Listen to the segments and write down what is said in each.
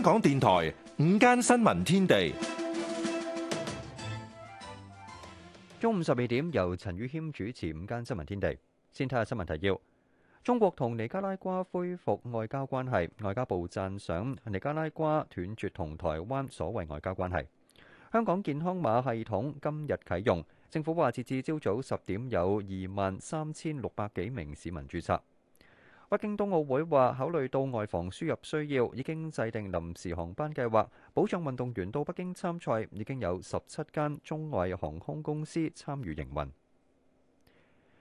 香港電台午間新聞天地，中午十二點，由陳宇謙主持《午間新聞天地》。先睇下新聞提要：中國同尼加拉瓜恢復外交關係，外交部讚賞尼加拉瓜斷絕同台灣所謂外交關係。香港健康碼系統今日啟用，政府話截至朝早十點有二萬三千六百幾名市民註冊。北京冬奧會話，考慮到外防輸入需要，已經制定臨時航班計劃，保障運動員到北京參賽。已經有十七間中外航空公司參與營運。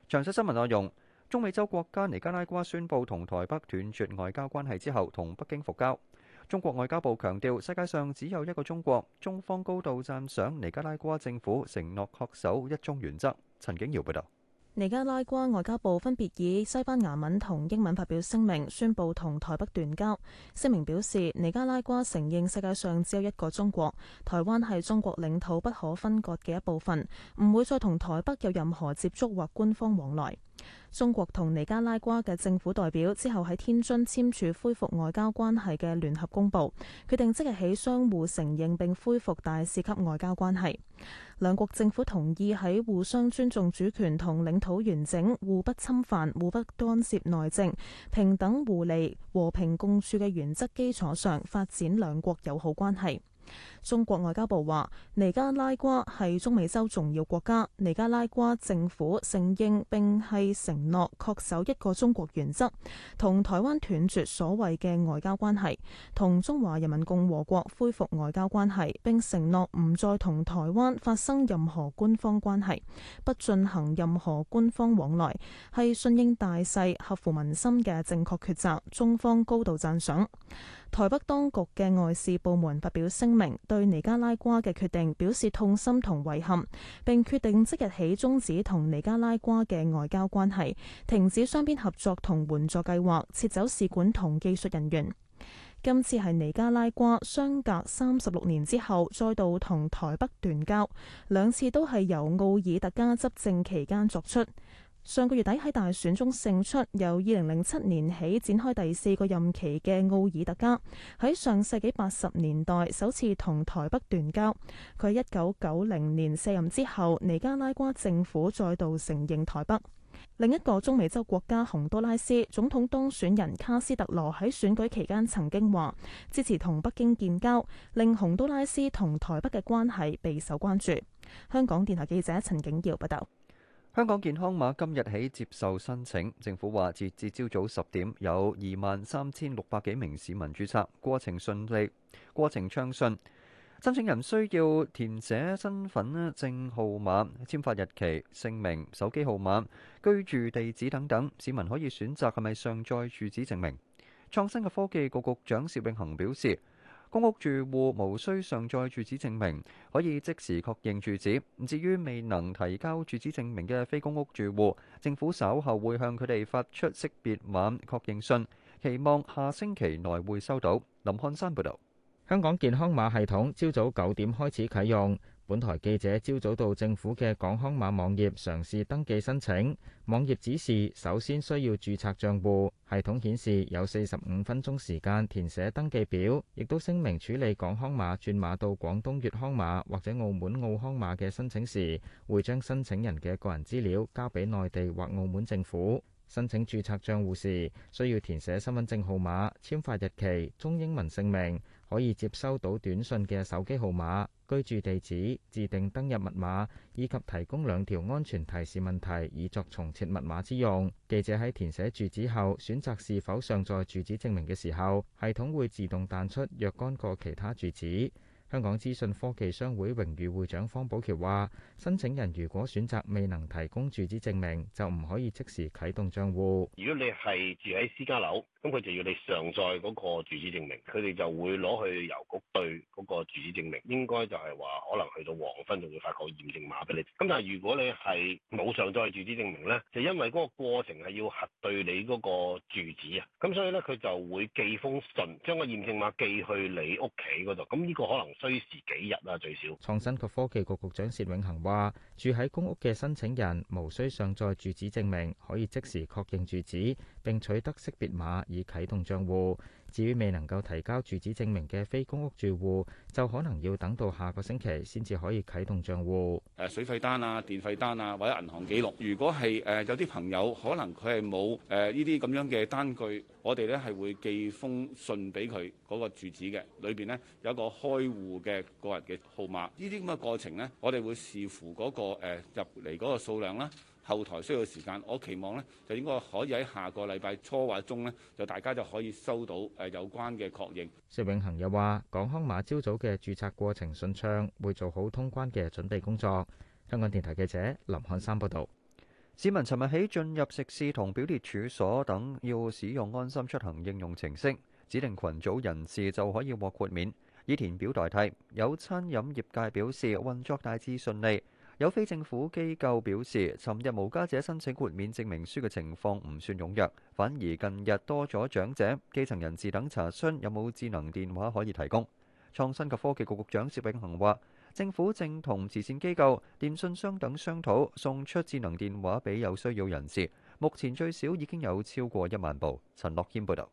詳細新聞內容：中美洲國家尼加拉瓜宣布同台北斷絕外交關係之後，同北京復交。中國外交部強調，世界上只有一個中國，中方高度讚賞尼加拉瓜政府承諾恪守一中原則。陳景瑤報道。尼加拉瓜外交部分別以西班牙文同英文發表聲明，宣布同台北斷交。聲明表示，尼加拉瓜承認世界上只有一個中國，台灣係中國領土不可分割嘅一部分，唔會再同台北有任何接觸或官方往來。中國同尼加拉瓜嘅政府代表之後喺天津簽署恢復外交關係嘅聯合公報，決定即日起相互承認並恢復大使級外交關係。兩國政府同意喺互相尊重主權同領土完整、互不侵犯、互不干涉內政、平等互利、和平共處嘅原則基礎上發展兩國友好關係。中國外交部話，尼加拉瓜係中美洲重要國家。尼加拉瓜政府承認並係承諾恪守一個中國原則，同台灣斷絕所謂嘅外交關係，同中華人民共和國恢復外交關係，並承諾唔再同台灣發生任何官方關係，不進行任何官方往來，係順應大勢、合乎民心嘅正確抉擇。中方高度贊賞。台北當局嘅外事部門發表聲明，對尼加拉瓜嘅決定表示痛心同遺憾，並決定即日起終止同尼加拉瓜嘅外交關係，停止雙邊合作同援助計劃，撤走使館同技術人員。今次係尼加拉瓜相隔三十六年之後，再度同台北斷交，兩次都係由奧爾特加執政期間作出。上個月底喺大選中勝出，由二零零七年起展開第四個任期嘅奧爾特加，喺上世紀八十年代首次同台北斷交。佢喺一九九零年卸任之後，尼加拉瓜政府再度承認台北。另一個中美洲國家洪都拉斯總統當選人卡斯特羅喺選舉期間曾經話支持同北京建交，令洪都拉斯同台北嘅關係備受關注。香港電台記者陳景耀報道。香港健康碼今日起接受申請，政府話截至朝早十點有二萬三千六百幾名市民註冊，過程順利，過程暢順。申請人需要填寫身份證號碼、簽發日期、姓名、手機號碼、居住地址等等。市民可以選擇係咪上載住址證明。創新嘅科技局局長薛永恒表示。公屋住戶無需上載住址證明，可以即時確認住址。至於未能提交住址證明嘅非公屋住戶，政府稍後會向佢哋發出識別碼確認信，期望下星期內會收到。林漢山報導。香港健康碼系統朝早九點開始啟用。本台記者朝早到政府嘅港康碼網頁嘗試登記申請，網頁指示首先需要註冊帳戶，系統顯示有四十五分鐘時間填寫登記表，亦都聲明處理港康碼轉碼到廣東粵康碼或者澳門澳康碼嘅申請時，會將申請人嘅個人資料交畀內地或澳門政府。申請註冊帳戶時，需要填寫身份證號碼、簽發日期、中英文姓名。可以接收到短信嘅手機號碼、居住地址、自定登入密碼，以及提供兩條安全提示問題以作重設密碼之用。記者喺填寫住址後，選擇是否上載住址證明嘅時候，系統會自動彈出若干個其他住址。香港資訊科技商會榮譽會長方保僑話，申請人如果選擇未能提供住址證明，就唔可以即時啟動賬戶。如果你係住喺私家樓，咁佢就要你上載嗰個住址證明，佢哋就會攞去郵局對嗰個住址證明。應該就係話，可能去到黃昏就會發個驗證碼俾你。咁但係如果你係冇上載住址證明呢，就因為嗰個過程係要核對你嗰個住址啊，咁所以呢，佢就會寄封信，將個驗證碼寄去你屋企嗰度。咁呢個可能，需時幾日啦，最少。創新及科技局局長薛永恒話：住喺公屋嘅申請人無需上載住址證明，可以即時確認住址並取得識別碼以啟動賬戶。至於未能夠提交住址證明嘅非公屋住戶，就可能要等到下個星期先至可以啟動賬戶。誒，水費單啊、電費單啊或者銀行記錄，如果係誒有啲朋友可能佢係冇誒呢啲咁樣嘅單據，我哋咧係會寄封信俾佢嗰個住址嘅，裏邊呢有一個開戶嘅個人嘅號碼。呢啲咁嘅過程呢，我哋會視乎嗰個誒入嚟嗰個數量啦。後台需要時間，我期望咧就應該可以喺下個禮拜初或中咧，就大家就可以收到誒有關嘅確認。薛永恒又話：港康碼朝早嘅註冊過程順暢，會做好通關嘅準備工作。香港電台記者林漢山報導。市民尋日起進入食肆同表列處所等，要使用安心出行應用程式指定羣組人士就可以獲豁免，以填表代替。有餐飲業界表示運作大致順利。有非政府機構表示，尋日無家者申請豁免證明書嘅情況唔算踴躍，反而近日多咗長者、基層人士等查詢有冇智能電話可以提供。創新及科技局局長薛永恒話，政府正同慈善機構、電信商等商討送出智能電話俾有需要人士。目前最少已經有超過一萬部。陳樂軒報導。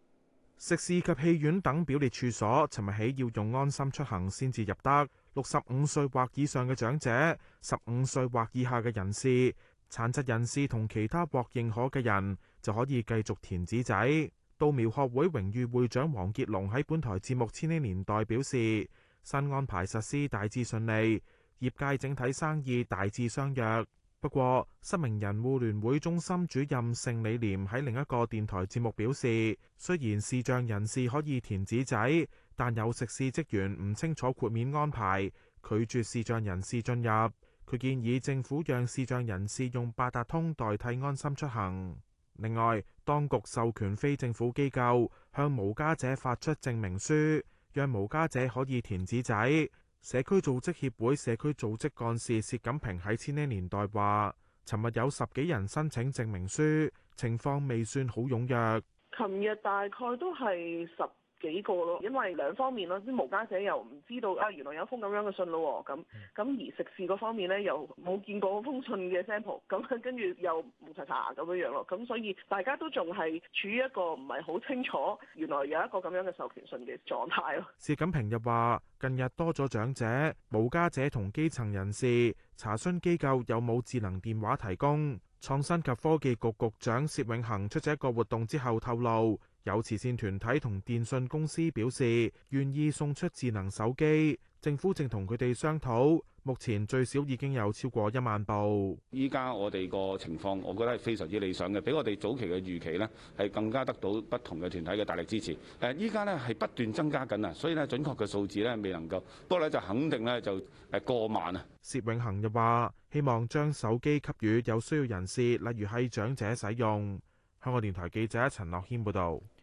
食肆及戲院等表列處所，尋日起要用安心出行先至入得。六十五歲或以上嘅長者、十五歲或以下嘅人士、殘疾人士同其他獲認可嘅人，就可以繼續填紙仔。稻苗學會榮譽會長黃傑龍喺本台節目《千禧年代》表示，新安排實施大致順利，業界整體生意大致相若。不過，失明人互聯會中心主任盛李廉喺另一個電台節目表示，雖然視障人士可以填紙仔，但有食肆職員唔清楚豁免安排，拒絕視障人士進入。佢建議政府讓視障人士用八達通代替安心出行。另外，當局授權非政府機構向無家者發出證明書，讓無家者可以填紙仔。社區組織協會社區組織幹事薛錦平喺千禧年代話，尋日有十幾人申請證明書，情況未算好踴躍。琴日大概都係十幾個咯，因為兩方面咯，啲無家者又唔知道啊，原來有一封咁樣嘅信咯，咁咁而食肆嗰方面呢，又冇見過封信嘅 sample，咁跟住又唔查查咁樣樣咯，咁所以大家都仲係處於一個唔係好清楚原來有一個咁樣嘅授權信嘅狀態咯。薛錦平又話：近日多咗長者、無家者同基層人士查詢機構有冇智能電話提供。創新及科技局局局長薛永恒出席一個活動之後透露。有慈善團體同電信公司表示願意送出智能手機，政府正同佢哋商討，目前最少已經有超過一萬部。依家我哋個情況我覺得係非常之理想嘅，比我哋早期嘅預期呢係更加得到不同嘅團體嘅大力支持，依家呢係不斷增加緊啊，所以呢準確嘅數字呢未能夠，不過呢就肯定呢就過萬。薛永恒又話，希望將手機給予有需要人士，例如係長者使用。香港電台記者陳樂軒報導。Noran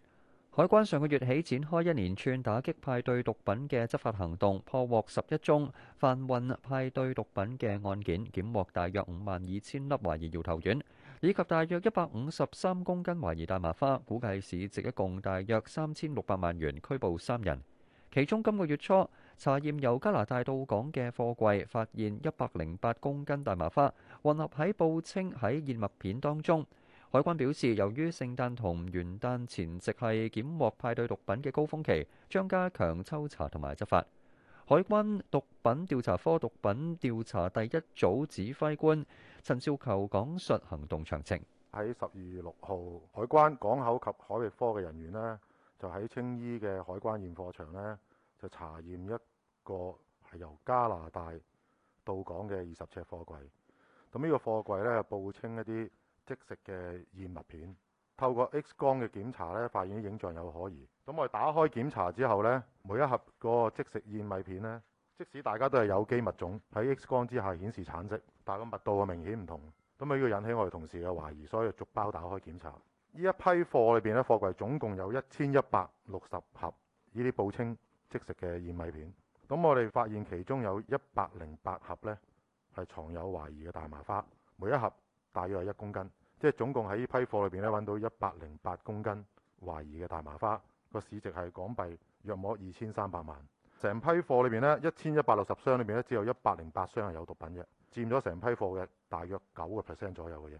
海關上個月起展開一連串打擊派對毒品嘅執法行動，破獲十一宗販運派對毒品嘅案件，檢獲大約五萬二千粒懷疑搖頭丸，以及大約一百五十三公斤懷疑大麻花，估計市值一共大約三千六百萬元，拘捕三人。其中今個月初查驗由加拿大到港嘅貨櫃，發現一百零八公斤大麻花，混合喺報稱喺燕麥片當中。海關表示，由於聖誕同元旦前夕係檢獲派對毒品嘅高峰期，將加強抽查同埋執法。海關毒品調查科毒品調查第一組指揮官陳少球講述行動詳情，喺十二月六號，海關港口及海域科嘅人員呢，就喺青衣嘅海關驗貨場呢，就查驗一個係由加拿大到港嘅二十尺貨櫃。咁，嗯，呢個貨櫃呢，報稱一啲。即食嘅燕麥片，透過 X 光嘅檢查咧，發現啲影像有可疑。咁、嗯、我哋打開檢查之後呢，每一盒個即食燕麥片呢，即使大家都係有機物種喺 X 光之下顯示橙色，但係個密度係明顯唔同。咁呢個引起我哋同事嘅懷疑，所以逐包打開檢查。呢一批貨裏邊咧，貨櫃總共有一千一百六十盒呢啲報稱即食嘅燕麥片。咁、嗯、我哋發現其中有一百零八盒呢，係藏有懷疑嘅大麻花，每一盒。大約係一公斤，即係總共喺呢批貨裏邊咧揾到一百零八公斤懷疑嘅大麻花，個市值係港幣約摸二千三百萬。成批貨裏邊呢，一千一百六十箱裏邊咧，只有一百零八箱係有毒品嘅，佔咗成批貨嘅大約九個 percent 左右嘅啫。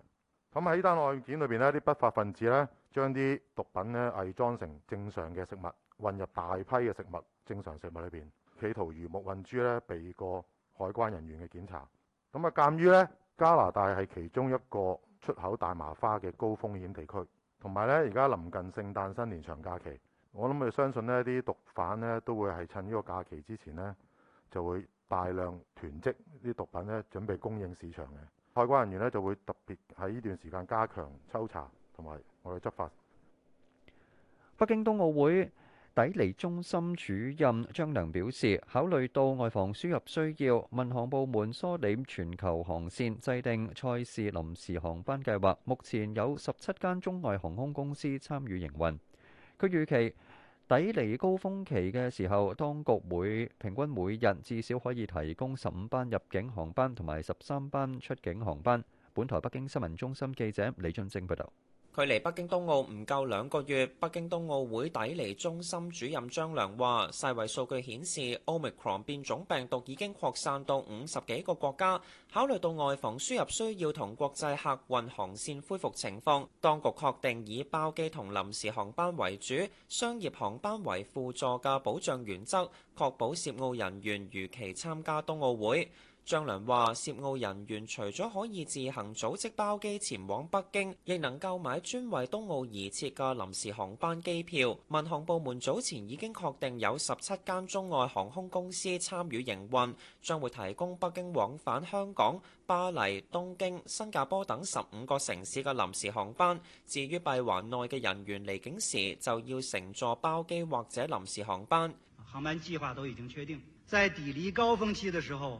咁喺呢單案件裏邊呢，啲不法分子呢，將啲毒品呢偽裝成正常嘅食物，混入大批嘅食物、正常食物裏邊，企圖魚目混珠呢，避過海關人員嘅檢查。咁啊，鑑於呢，加拿大係其中一個出口大麻花嘅高風險地區，同埋呢，而家臨近聖誕新年長假期，我諗佢相信呢啲毒販呢都會係趁呢個假期之前呢，就會大量囤積啲毒品呢，準備供應市場嘅。海關人員呢，就會特別喺呢段時間加強抽查同埋我哋執法。北京冬奧會。抵離中心主任張良表示，考慮到外防輸入需要，民航部門梳理全球航線，制定賽事臨時航班計劃。目前有十七間中外航空公司參與營運。佢預期抵離高峰期嘅時候，當局每平均每日至少可以提供十五班入境航班同埋十三班出境航班。本台北京新聞中心記者李俊晶報道。距離北京冬奧唔夠兩個月，北京冬奧會抵離中心主任張良話：世衛數據顯示，奧密克戎變種病毒已經擴散到五十幾個國家。考慮到外防輸入需要同國際客運航線恢復情況，當局確定以包機同臨時航班為主，商業航班為輔助嘅保障原則，確保涉奧人員如期參加冬奧會。張良話：涉奧人員除咗可以自行組織包機前往北京，亦能夠買專為冬奧而設嘅臨時航班機票。民航部門早前已經確定有十七間中外航空公司參與營運，將會提供北京往返香港、巴黎、東京、新加坡等十五個城市嘅臨時航班。至於閉環內嘅人員離境時，就要乘坐包機或者臨時航班。航班計劃都已經確定，在抵離高峰期嘅時候，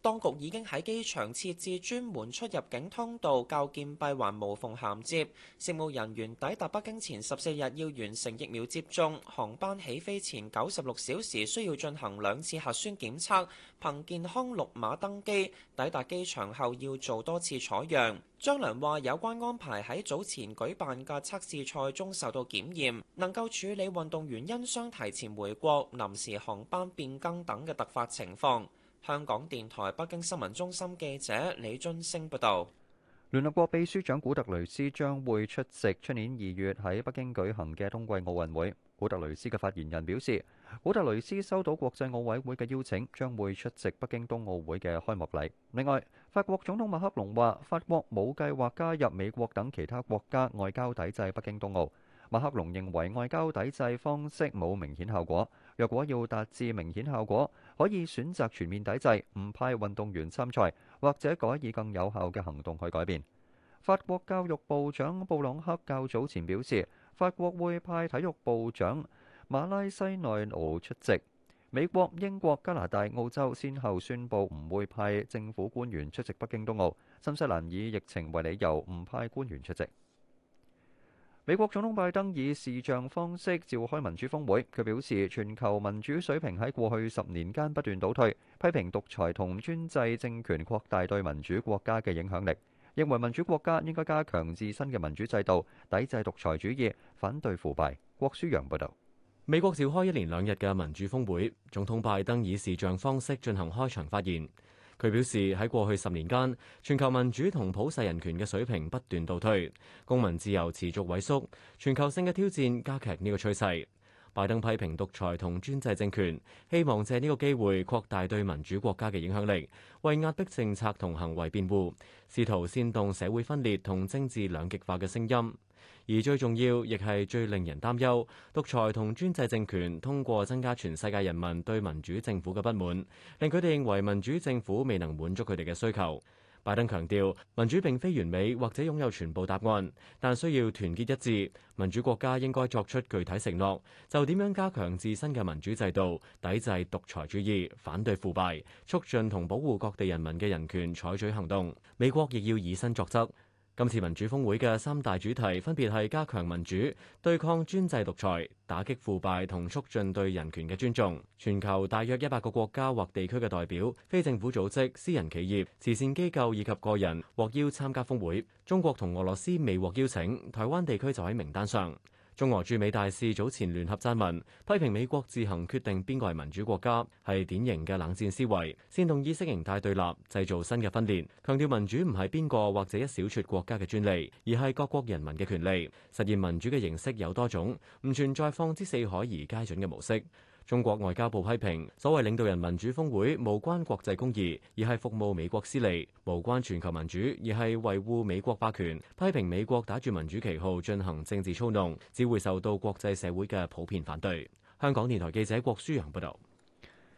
當局已經喺機場設置專門出入境通道，較建閉環無縫銜接。乘務人員抵達北京前十四日要完成疫苗接種，航班起飛前九十六小時需要進行兩次核酸檢測，憑健康綠碼登機。抵達機場後要做多次採樣。張良話：有關安排喺早前舉辦嘅測試賽中受到檢驗，能夠處理運動員因傷提前回國、臨時航班變更等嘅突發情況。香港電台北京新聞中心記者李津升報道，聯合國秘書長古特雷斯將會出席出年二月喺北京舉行嘅冬季奧運會。古特雷斯嘅發言人表示，古特雷斯收到國際奧委會嘅邀請，將會出席北京冬奧會嘅開幕禮。另外，法國總統馬克龍話，法國冇計劃加入美國等其他國家外交抵制北京冬奧。馬克龍認為外交抵制方式冇明顯效果，若果要達至明顯效果，可以選擇全面抵制，唔派運動員參賽，或者改以更有效嘅行動去改變。法國教育部長布朗克較早前表示，法國會派體育部長馬拉西內奴出席。美國、英國、加拿大、澳洲先後宣布唔會派政府官員出席北京冬奧。新西蘭以疫情為理由唔派官員出席。美國總統拜登以視像方式召開民主峰會，佢表示全球民主水平喺過去十年間不斷倒退，批評獨裁同專制政權擴大對民主國家嘅影響力，認為民主國家應該加強自身嘅民主制度，抵制獨裁主義，反對腐敗。郭舒揚報道：美國召開一連兩日嘅民主峰會，總統拜登以視像方式進行開場發言。佢表示，喺過去十年間，全球民主同普世人權嘅水平不斷倒退，公民自由持續萎縮，全球性嘅挑戰加劇呢個趨勢。拜登批評獨裁同專制政權，希望借呢個機會擴大對民主國家嘅影響力，為壓迫政策同行為辯護，試圖煽動社會分裂同政治兩極化嘅聲音。而最重要，亦係最令人擔憂，獨裁同專制政權通過增加全世界人民對民主政府嘅不滿，令佢哋認為民主政府未能滿足佢哋嘅需求。拜登強調，民主並非完美或者擁有全部答案，但需要團結一致。民主國家應該作出具體承諾，就點樣加強自身嘅民主制度，抵制獨裁主義，反對腐敗，促進同保護各地人民嘅人權，採取行動。美國亦要以身作則。今次民主峰會嘅三大主題分別係加強民主、對抗專制獨裁、打擊腐敗同促進對人權嘅尊重。全球大約一百個國家或地區嘅代表、非政府組織、私人企業、慈善機構以及個人獲邀參加峰會。中國同俄羅斯未獲邀請，台灣地區就喺名單上。中俄駐美大使早前聯合撰文，批評美國自行決定邊個係民主國家，係典型嘅冷戰思維，煽動意識形態對立，製造新嘅分裂。強調民主唔係邊個或者一小撮國家嘅專利，而係各國人民嘅權利。實現民主嘅形式有多種，唔存在放之四海而皆準嘅模式。中國外交部批評所謂領導人民主峰會無關國際公義，而係服務美國私利；無關全球民主，而係維護美國霸權。批評美國打住民主旗號進行政治操弄，只會受到國際社會嘅普遍反對。香港電台記者郭舒揚報道：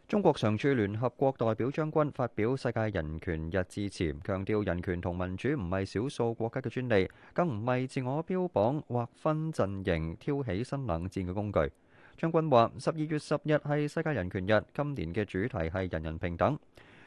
中國常駐聯合國代表張軍發表世界人權日致辭，強調人權同民主唔係少數國家嘅專利，更唔係自我標榜劃分、陣營、挑起新冷戰嘅工具。張軍話：十二月十日係世界人權日，今年嘅主題係人人平等。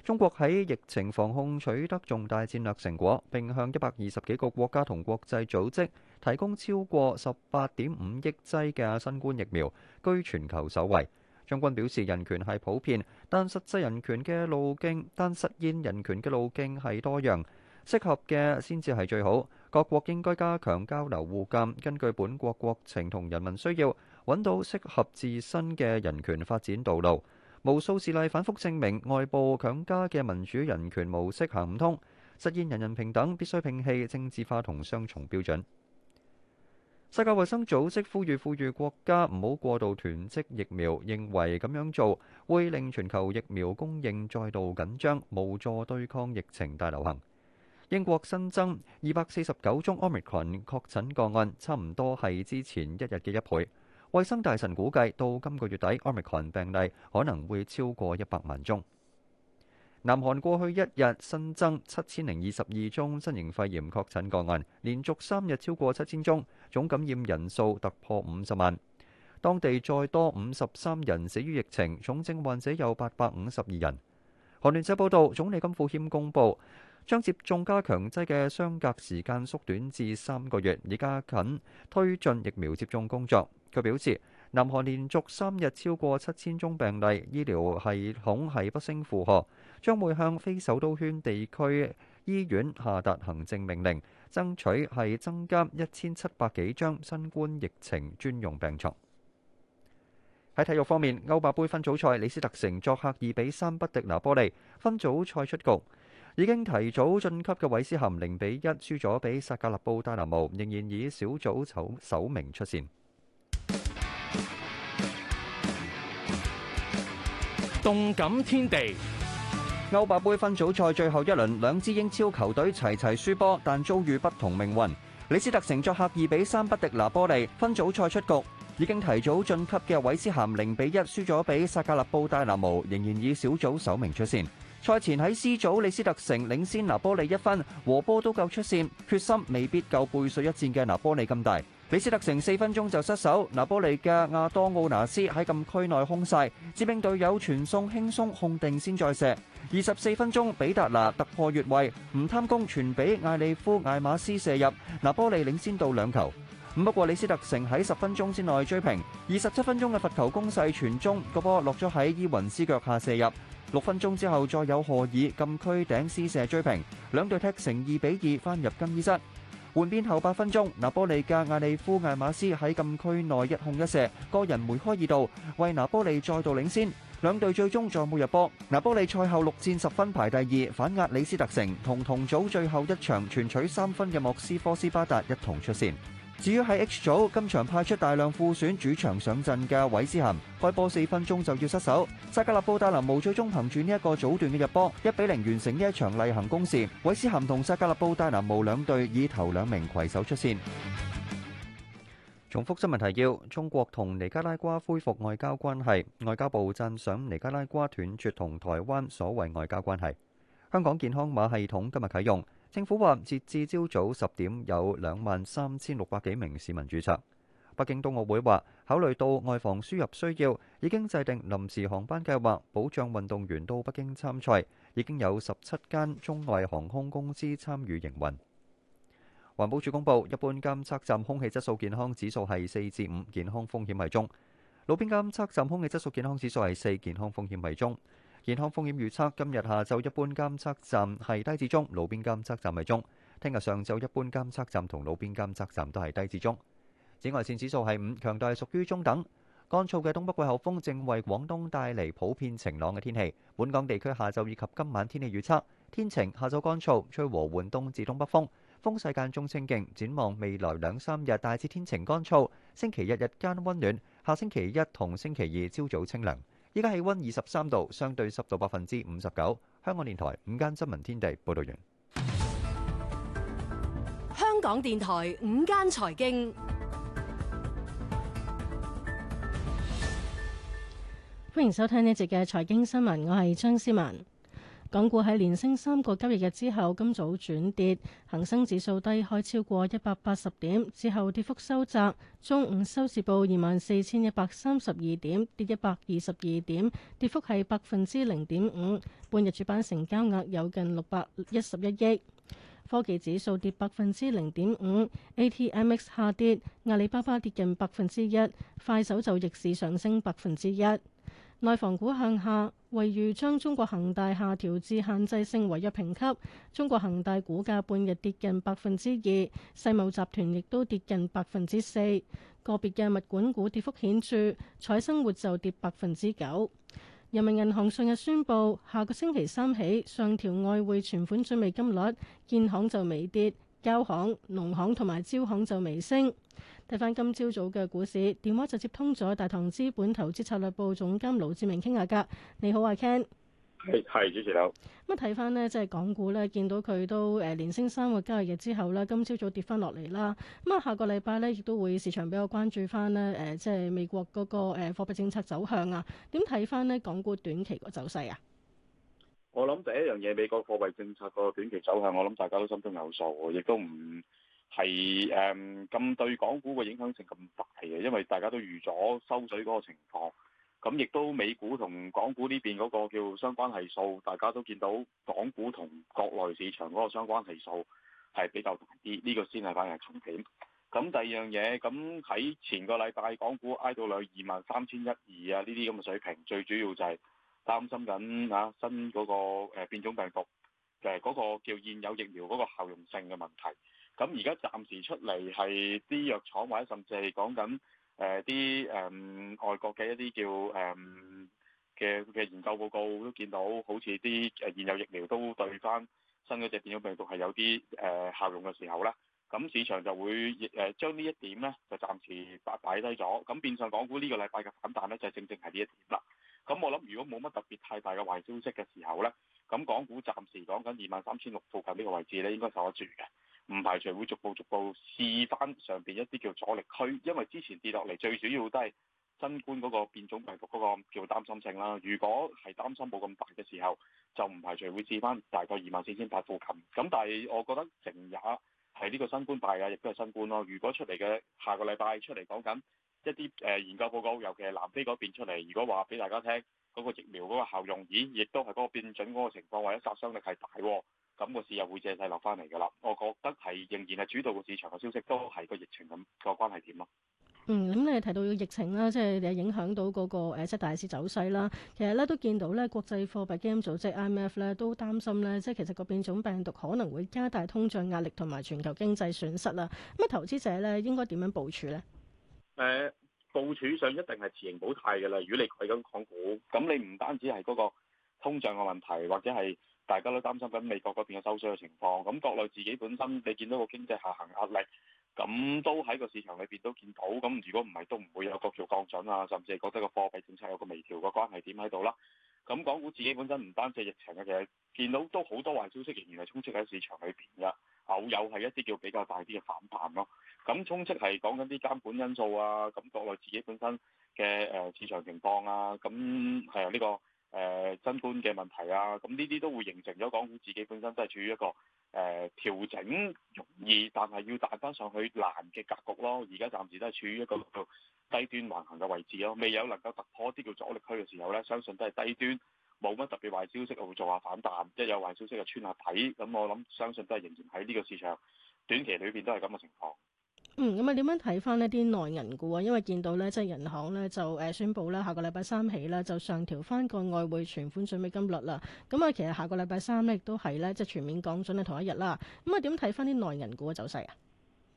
中國喺疫情防控取得重大戰略成果，並向一百二十幾個國家同國際組織提供超過十八點五億劑嘅新冠疫苗，居全球首位。張軍表示，人權係普遍，但實際人權嘅路徑，但實現人權嘅路徑係多樣，適合嘅先至係最好。各國應該加強交流互鑑，根據本國國情同人民需要。揾到適合自身嘅人權發展道路，無數事例反覆證明外部強加嘅民主人權模式行唔通。實現人人平等必須摒棄政治化同雙重標準。世界衛生組織呼籲富裕國家唔好過度囤積疫苗，認為咁樣做會令全球疫苗供應再度緊張，無助對抗疫情大流行。英國新增二百四十九宗 Omicron 確診個案，差唔多係之前一日嘅一倍。衛生大臣估計，到今個月底，奧密克戎病例可能會超過一百萬宗。南韓過去一日新增七千零二十二宗新型肺炎確診個案，連續三日超過七千宗，總感染人數突破五十萬。當地再多五十三人死於疫情，重症患者有八百五十二人。韓聯社報道，總理金富謙公布將接種加強劑嘅相隔時間縮短至三個月，以加緊推進疫苗接種工作。佢表示，南韓連續三日超過七千宗病例，醫療系統係不勝負荷，將會向非首都圈地區醫院下達行政命令，爭取係增加一千七百幾張新冠疫情專用病床。喺體育方面，歐霸杯分組賽，李斯特城作客二比三不敵拿波利，分組賽出局。已經提早晉級嘅韋斯咸零比一輸咗俾薩格勒布戴拿模，仍然以小組首首名出線。動感天地歐霸杯分組賽最後一輪，兩支英超球隊齊齊輸波，但遭遇不同命運。李斯特城作客二比三不敵拿波利，分組賽出局。已經提早晉級嘅韋斯咸零比一輸咗畀薩格勒布，戴拿毛仍然以小組首名出線。賽前喺 C 組，李斯特城領先拿波利一分，和波都夠出線，決心未必夠背水一戰嘅拿波利咁大。李斯特城四分鐘就失守，拿波利嘅亞多奧拿斯喺禁區內控勢，接應隊友傳送輕鬆控定先再射。二十四分鐘，比達拿突破越位，唔貪功傳俾艾利夫艾馬斯射入，拿波利領先到兩球。咁不過李斯特城喺十分鐘之內追平，二十七分鐘嘅罰球攻勢傳中，個波落咗喺伊雲斯腳下射入。六分鐘之後再有荷爾禁區頂斯射追平，兩隊踢成二比二翻入更衣室。換邊後八分鐘，拿波利加亞利夫艾馬斯喺禁區內一控一射，個人梅開二度，為拿波利再度領先。兩隊最終再冇入波。拿波利賽後六戰十分排第二，反壓李斯特城同同組最後一場全取三分嘅莫斯科斯巴達一同出線。至於喺 H 組，今場派出大量副選主場上陣嘅韋斯咸，開波四分鐘就要失手。薩格勒布戴拿模最終憑住呢一個早段嘅入波，一比零完成呢一場例行公事。韋斯咸同薩格勒布戴拿模兩隊以頭兩名攜手出線。重複新聞提要：中國同尼加拉瓜恢復外交關係，外交部讚賞尼加拉瓜斷絕同台灣所謂外交關係。香港健康碼系統今日啟用。政府話截至朝早十點有兩萬三千六百幾名市民註冊。北京冬奧會話考慮到外防輸入需要，已經制定臨時航班計劃，保障運動員到北京參賽。已經有十七間中外航空公司參與營運。環保署公佈一般監測站空氣質素健康指數係四至五，健康風險為中；路邊監測站空氣質素健康指數係四，健康風險為中。健康風險預測，今日下晝一般監測站係低至中，路邊監測站係中。聽日上晝一般監測站同路邊監測站都係低至中。紫外線指數係五，強度係屬於中等。乾燥嘅東北季候風正為廣東帶嚟普遍晴朗嘅天氣。本港地區下晝以及今晚天氣預測：天晴，下晝乾燥，吹和緩東至東北風，風勢間中清勁。展望未來兩三日大致天晴乾燥，星期日日間温暖，下星期一同星期二朝早清涼。依家氣温二十三度，相對濕度百分之五十九。香港電台午間新聞天地報道完。香港電台午間財經，歡迎收聽呢節嘅財經新聞，我係張思文。港股喺連升三個交易日之後，今早轉跌，恒生指數低開超過一百八十點，之後跌幅收窄，中午收市報二萬四千一百三十二點，跌一百二十二點，跌幅係百分之零點五。半日主板成交額有近六百一十一億。科技指數跌百分之零點五，ATMX 下跌，阿里巴巴跌近百分之一，快手就逆市上升百分之一。內房股向下，惠譽將中國恒大下調至限制性違約評級。中國恒大股價半日跌近百分之二，世茂集團亦都跌近百分之四。個別嘅物管股跌幅顯著，彩生活就跌百分之九。人民銀行上日宣布，下個星期三起上調外匯存款準備金率。建行就微跌，交行、農行同埋招行就微升。睇翻今朝早嘅股市，電話就接通咗大唐資本投資策略部總監盧志明傾下㗎。你好啊 Ken，係係主持人。咁啊睇翻呢，即係港股呢，見到佢都誒連升三個交易日之後呢，今朝早，早跌翻落嚟啦。咁啊下個禮拜呢，亦都會市場比較關注翻呢，誒即係美國嗰個誒貨幣政策走向啊。點睇翻呢？港股短期個走勢啊？我諗第一樣嘢，美國貨幣政策個短期走向，我諗大家都心中有數，亦都唔。係誒咁對港股嘅影響性咁大嘅，因為大家都預咗收水嗰個情況，咁亦都美股同港股呢邊嗰個叫相關係數，大家都見到港股同國內市場嗰個相關係數係比較大啲，呢個先係反映重點。咁第二樣嘢，咁喺前個禮拜港股挨到兩二萬三千一二啊，呢啲咁嘅水平，最主要就係擔心緊啊新嗰個誒變種病毒誒嗰個叫現有疫苗嗰個效用性嘅問題。咁而家暫時出嚟係啲藥廠，或者甚至係講緊誒啲誒外國嘅一啲叫誒嘅嘅研究報告，都見到好似啲誒現有疫苗都對翻新嗰隻變咗病毒係有啲誒、呃、效用嘅時候啦。咁市場就會誒、呃、將呢一點咧，就暫時擺擺低咗。咁變相港股呢個禮拜嘅反彈咧，就是、正正係呢一點啦。咁我諗如果冇乜特別太大嘅壞消息嘅時候咧，咁港股暫時講緊二萬三千六附近呢個位置咧，應該受得住嘅。唔排除會逐步逐步試翻上邊一啲叫阻力區，因為之前跌落嚟最主要都係新冠嗰個變種病毒嗰個叫擔心性啦。如果係擔心冇咁大嘅時候，就唔排除會試翻大概二萬四千八附近。咁但係我覺得成日係呢個新冠敗啊，亦都係新冠咯。如果出嚟嘅下個禮拜出嚟講緊一啲誒研究報告，尤其係南非嗰邊出嚟，如果話俾大家聽嗰、嗰個疫苗嗰個效用，咦，亦都係嗰個變種嗰個情況或者殺傷力係大喎、啊。咁個市又會借勢落翻嚟㗎啦，我覺得係仍然係主導個市場嘅消息都係個疫情咁個關係點啊？嗯，咁你提到個疫情啦，即、就、係、是、影響到嗰、那個、呃、即係大市走勢啦。其實咧都見到咧，國際貨幣基金組織 IMF 咧都擔心咧，即係其實個變種病毒可能會加大通脹壓力同埋全球經濟損失啦。咁啊，投資者咧應該點樣部署咧？誒、呃，部署上一定係持盈保泰㗎啦。如果你係咁講股，咁你唔單止係嗰個通脹嘅問題，或者係。大家都擔心緊美國嗰邊嘅收水嘅情況，咁國內自己本身你見到個經濟下行壓力，咁都喺個市場裏邊都見到，咁如果唔係都唔會有個調降準啊，甚至係覺得個貨幣政策有個微調嘅關係點喺度啦。咁港股自己本身唔單止疫情嘅，其實見到都好多壞消息仍然係充斥喺市場裏邊嘅，偶有係一啲叫比較大啲嘅反彈咯、啊。咁充斥係講緊啲監管因素啊，咁國內自己本身嘅誒、呃、市場情況啊，咁係啊呢、呢個。誒，增官嘅問題啊，咁呢啲都會形成咗港股自己本身都係處於一個誒、呃、調整容易，但係要彈翻上去難嘅格局咯。而家暫時都係處於一個叫低端橫行嘅位置咯，未有能夠突破啲叫阻力區嘅時候呢，相信都係低端，冇乜特別壞消息會做下反彈，一有壞消息就穿下底。咁我諗相信都係仍然喺呢個市場短期裏邊都係咁嘅情況。嗯，咁啊點樣睇翻呢啲內銀股啊？因為見到咧即係人行咧就誒宣布咧下個禮拜三起咧就上調翻個外匯存款準備金率啦。咁、嗯、啊其實下個禮拜三咧亦都係咧即係全面降準嘅同一日啦。咁啊點睇翻啲內銀股嘅走勢啊？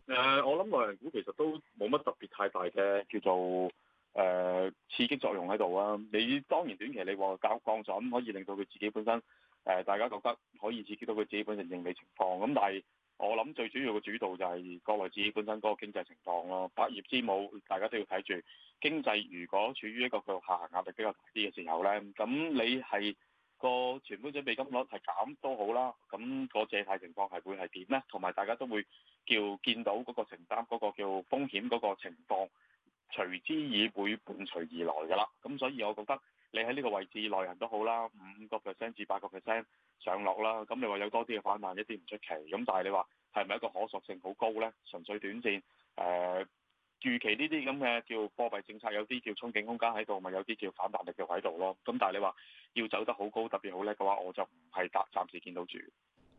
誒、呃，我諗內銀股其實都冇乜特別太大嘅叫做誒、呃、刺激作用喺度啊。你當然短期你話搞降準可以令到佢自己本身誒、呃、大家覺得可以刺激到佢自己本身盈利情況咁、嗯，但係我諗最主要嘅主導就係國內自己本身嗰個經濟情況咯，百業之母，大家都要睇住經濟。如果處於一個叫下行壓力比較大啲嘅時候呢，咁你係個存款準備金率係減都好啦，咁個借貸情況係會係點呢？同埋大家都會叫見到嗰個承擔嗰個叫風險嗰個情況隨之而會伴隨而來噶啦，咁所以我覺得。你喺呢個位置內人都好啦，五個 percent 至八個 percent 上落啦，咁你話有多啲嘅反彈一啲唔出奇，咁但係你話係咪一個可塑性好高呢？純粹短線誒預期呢啲咁嘅叫貨幣政策有啲叫憧憬空間喺度，咪有啲叫反彈力嘅喺度咯。咁但係你話要走得好高特別好叻嘅話，我就唔係暫暫時見到住。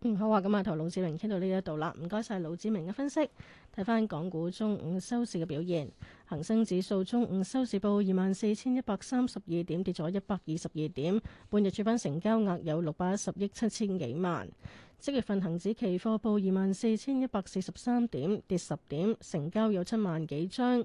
嗯，好啊，咁啊，同盧志明傾到呢一度啦，唔該晒盧志明嘅分析。睇翻港股中午收市嘅表現，恒生指數中午收市報二萬四千一百三十二點，跌咗一百二十二點。半日主板成交額有六百一十億七千幾萬。即月份恒指期貨報二萬四千一百四十三點，跌十點，成交有七萬幾張。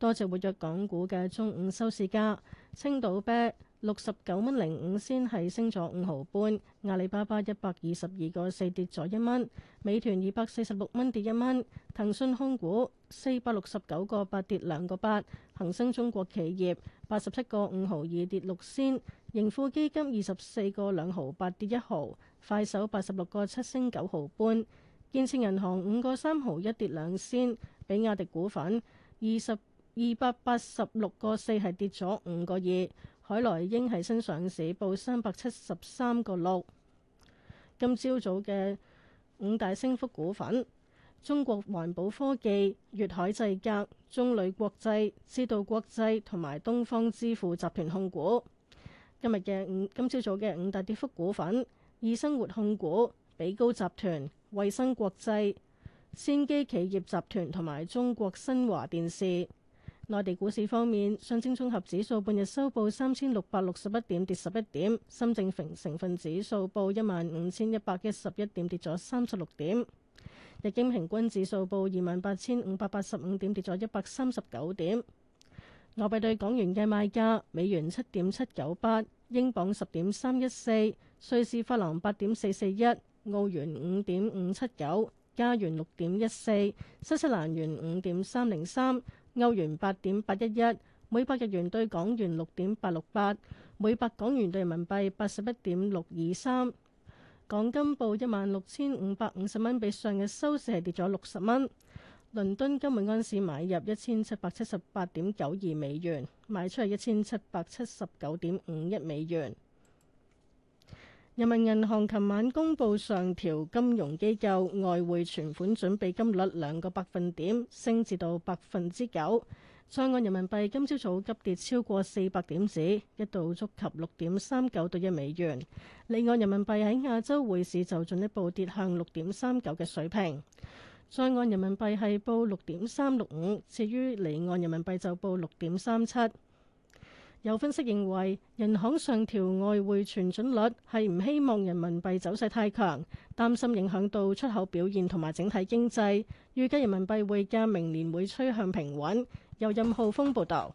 多隻活躍港股嘅中午收市價，青島啤六十九蚊零五仙，係升咗五毫半。阿里巴巴一百二十二個四跌咗一蚊。美團二百四十六蚊跌一蚊。騰訊控股四百六十九個八跌兩個八。恒生中國企業八十七個五毫二跌六仙。盈富基金二十四個兩毫八跌一毫。快手八十六個七升九毫半。建設銀行五個三毫一跌兩仙。比亞迪股份二十二百八十六個四係跌咗五個二。海來英係新上市，報三百七十三個六。今朝早嘅五大升幅股份：中國環保科技、粵海製革、中旅國際、知道國際同埋東方支付集團控股。今日嘅五，今朝早嘅五大跌幅股份：易生活控股、比高集團、衞生國際、先機企業集團同埋中國新華電視。內地股市方面，上證綜合指數半日收報三千六百六十一點，跌十一點；深證成分指數報一萬五千一百一十一點，跌咗三十六點；日經平均指數報二萬八千五百八十五點，跌咗一百三十九點。外幣對港元嘅賣價：美元七點七九八，英鎊十點三一四，瑞士法郎八點四四一，澳元五點五七九，加元六點一四，新西蘭元五點三零三。歐元八點八一一，每百日元對港元六點八六八，每百港元對人民幣八十一點六二三。港金報一萬六千五百五十蚊，比上日收市係跌咗六十蚊。倫敦金每盎司買入一千七百七十八點九二美元，賣出係一千七百七十九點五一美元。人民銀行琴晚公布上調金融機構外匯存款準備金率兩個百分點，升至到百分之九。在岸人民幣今朝早早急跌超過四百點子，一度觸及六點三九對一美元。離岸人民幣喺亞洲匯市就進一步跌向六點三九嘅水平。在岸人民幣係報六點三六五，至於離岸人民幣就報六點三七。有分析認為，人行上調外匯存準率係唔希望人民幣走勢太強，擔心影響到出口表現同埋整體經濟。預計人民幣匯價明年會趨向平穩。由任浩峰報導。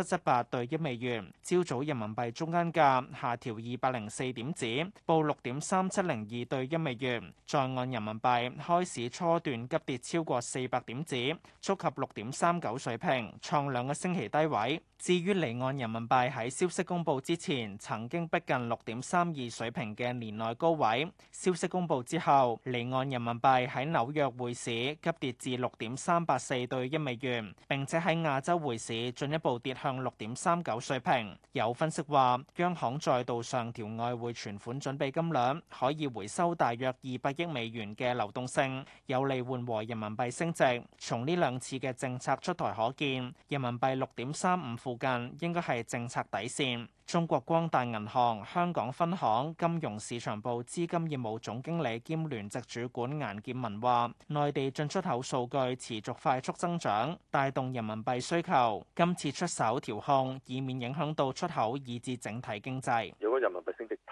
七七八對一美元，朝早人民幣中間價下調二百零四點子，報六點三七零二對一美元。在岸人民幣開市初段急跌超過四百點子，觸及六點三九水平，創兩個星期低位。至於離岸人民幣喺消息公布之前，曾經逼近六點三二水平嘅年內高位。消息公布之後，離岸人民幣喺紐約匯市急跌至六點三八四對一美元，並且喺亞洲匯市進一步跌向六點三九水平。有分析話，央行再度上調外匯存款準備金率，可以回收大約二百億美元嘅流動性，有利緩和人民幣升值。從呢兩次嘅政策出台，可見人民幣六點三五附近應該，係政策底線。中國光大銀行香港分行金融市場部資金業務總經理兼聯席主管顏建文話，內地進出口數據持續快速增長，帶動人民幣需求。今次出手調控，以免影響到出口，以至整體經濟。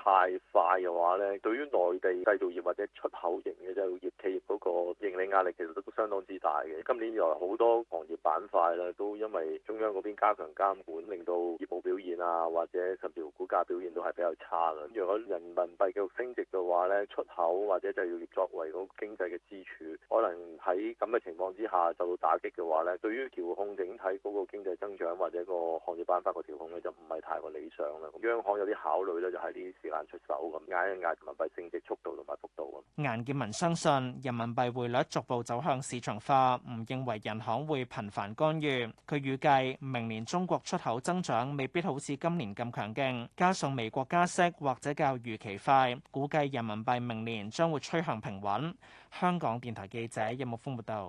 太快嘅話咧，對於內地製造業或者出口型嘅就業企業嗰個盈利壓力其實都相當之大嘅。今年以來好多行業板塊咧都因為中央嗰邊加強監管，令到業務表現啊或者甚至股價表現都係比較差嘅。如果人民幣繼續升值嘅話咧，出口或者製造業作為個經濟嘅支柱，可能喺咁嘅情況之下受到打擊嘅話咧，對於調控整體嗰個經濟增長或者個行業板塊嘅調控咧就唔係太過理想啦。咁央行有啲考慮咧就係呢啲事。難出手咁壓一壓人民幣升值速度同埋幅度。顏建文相信人民幣匯率逐步走向市場化，唔認為人行會頻繁干預。佢預計明年中國出口增長未必好似今年咁強勁，加上美國加息或者較預期快，估計人民幣明年將會趨向平穩。香港電台記者任木峰報道。